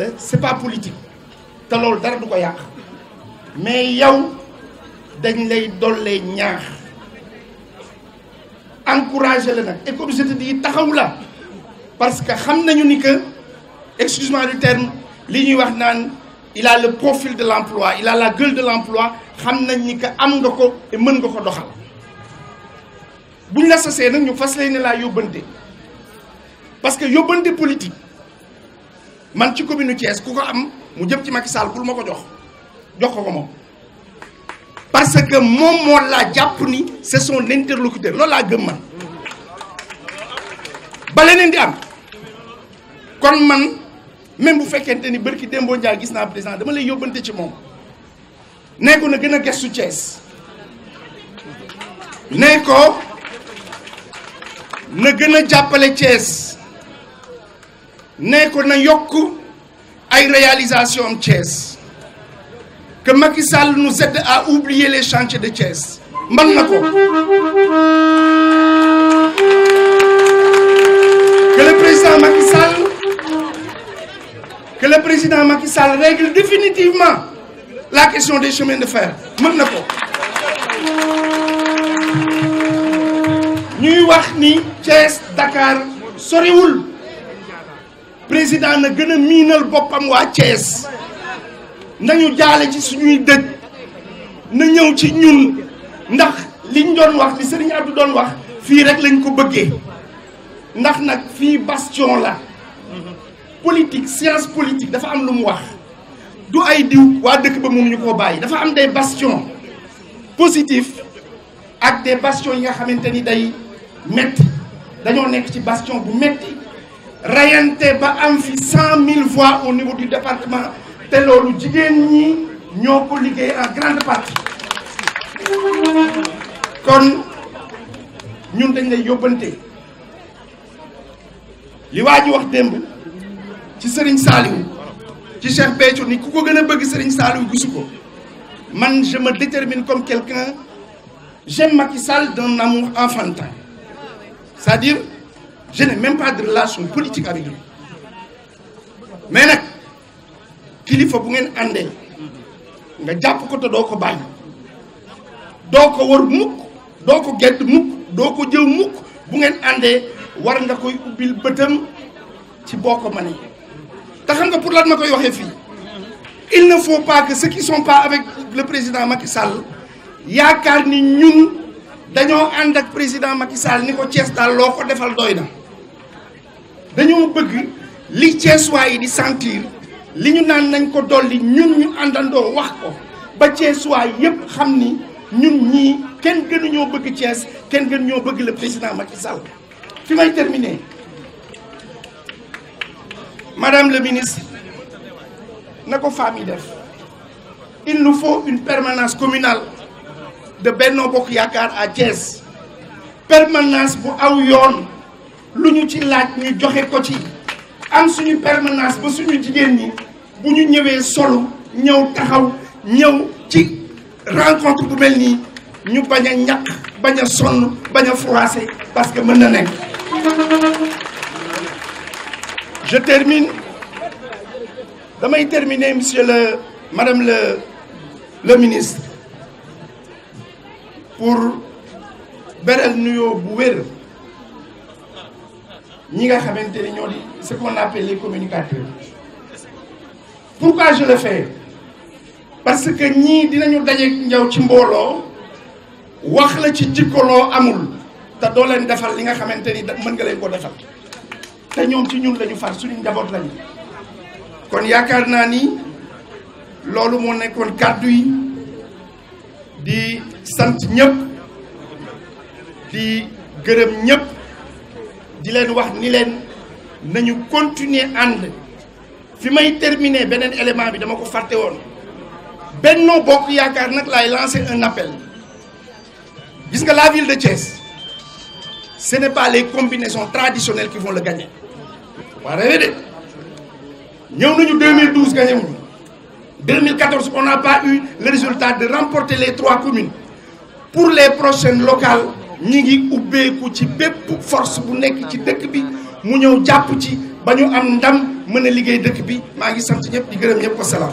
la c'est pas politique te loolu dara du ko yàq mais yow dañ lay dollee ñaax encouragé la nag et comme je te la parce que xam nañu ni que excuse-moi du terme li ñuy wax naan il a le profil de l'emploi il a la gueule de l'emploi xam nañ ni que am nga ko mën nga ko doxal buñ la sasee nag ñu fas lay ne laa yóbbante parce que yóbbante politique man ci commune Thiès ku ko am mu jëm ci Macky Sall bul ma ko jox jox ko ko moom parce que moom moo laa jàpp ni c'est son interlocuteur loolu laa gëm man ba leneen di am kon man même bu fekkente ni bërki démboo Ndiaye gis naa président dama lay yóbbante ci moom nee ko na gën a gestu Thiès nee ko na gën a jàppale Thiès ne na yokk ay réalisation am Thiès que Macky Sall nous aide à oublier les chantiers de Thiès mën na ko que le président Macky Sall règle définitivement la question des chemins de fer mën na ko ñuy wax ni Thiès Dakar soriwul président na gën a miinal boppam waa Thiès nañu jaale ci suñuy dëj na ñëw ci ñun ndax liñ doon wax li Serigne doon wax fii rek lañ ko bëggee ndax nag fii bastion la politique science politique dafa am lu mu wax du ay diw waa dëkk ba ñu ko bàyyi dafa am des bastions positifs ak des bastions yi nga xamante ni day metti dañoo nekk ci bastion bu metti rayante ba am fi cent mille voix au niveau du département te loolu jigéen ñi ñoo ko liggéey en grande partie kon ñun dañ lay yóbbante li waa ji wax démb ci sëriñ Saliou ci Cheikh Béthio ni ku ko gën bëgg sëriñ Saliou gisu ko man je me détermine comme quelqu'un j'aime Macky Sall d'un amour enfantin c'est-à-dire je n'ai même pas de relation politique avec lui mais nag kilifa bu ngeen àndee nga jàpp ko te doo ko bàyyi doo ko war mukk doo ko gedd mukk doo ko jëw mukk bu ngeen àndee war nga koy ubbil bëtam ci boo ko mënee te xam nga pour lan ma koy waxee fii il ne faut pas que ceux qui sont pas avec le président Macky Sall yaakaar ni ñun dañoo ànd ak président Macky Sall ni ko Thiès daal loo ko defal doy na. dañoo bëgg li Ceesuwaa yi di sentir li ñu naan nañ ko dolli ñun ñu àndandoo wax ko ba Ceesuwaa yépp xam ni ñun ñii kenn gënuñoo bëgg Cees kenn gënuñoo bëgg le président Macky Sall fi may terminer madame le ministre na ko femme def il nous faut une permanence communale de Benno Bokk Yaakaar à Thiès permanence bu aw yoon lu ñu ci laaj ñu joxe ko ci am suñu permanence ba suñu jigéen ñi bu ñu ñëwee solo ñëw taxaw ñëw ci rencontre bu mel nii ñu bañ a ñàkk bañ a sonn bañ a froissé parce que mën na nekk je termine damay terminer monsieur le madame le le ministre pour beral nuyoo bu wér ñi nga xamante ni ñoo di ce qu'on appelle les communicateurs pourquoi je le fais parce que ñii dinañu dajeeg njaw ci mbooloo wax la ci jikkoloo amul te doo leen defal li nga xamante ni mën nga leen koo defal te ñoom ci ñun lañu far suñu njaboot lañu kon yaakaar naa ni loolu moo nekkoon kàddu yi di sant ñëpp di gërëm ñëpp di leen wax ni leen nañu continuer ànd fi may terminer beneen élément bi dama ko fàtte woon Benno Bokk Yaakaar nag laay lancer un appel gis nga la ville de Thiès ce n'est pas les combinaisons traditionnelles qui vont le gagner waa reve de ñëw nañu 2012 gagné wuñu 2014 on n'a pas eu le résultat de remporter les trois communes pour les prochaines locales ñi ngi ubbeeku ci bépp force bu nekk ci dëkk bi mu ñëw jàpp ci ba ñu am ndam mën a liggéey dëkk bi maa ngi sant ñëpp di gërëm ko wasalaam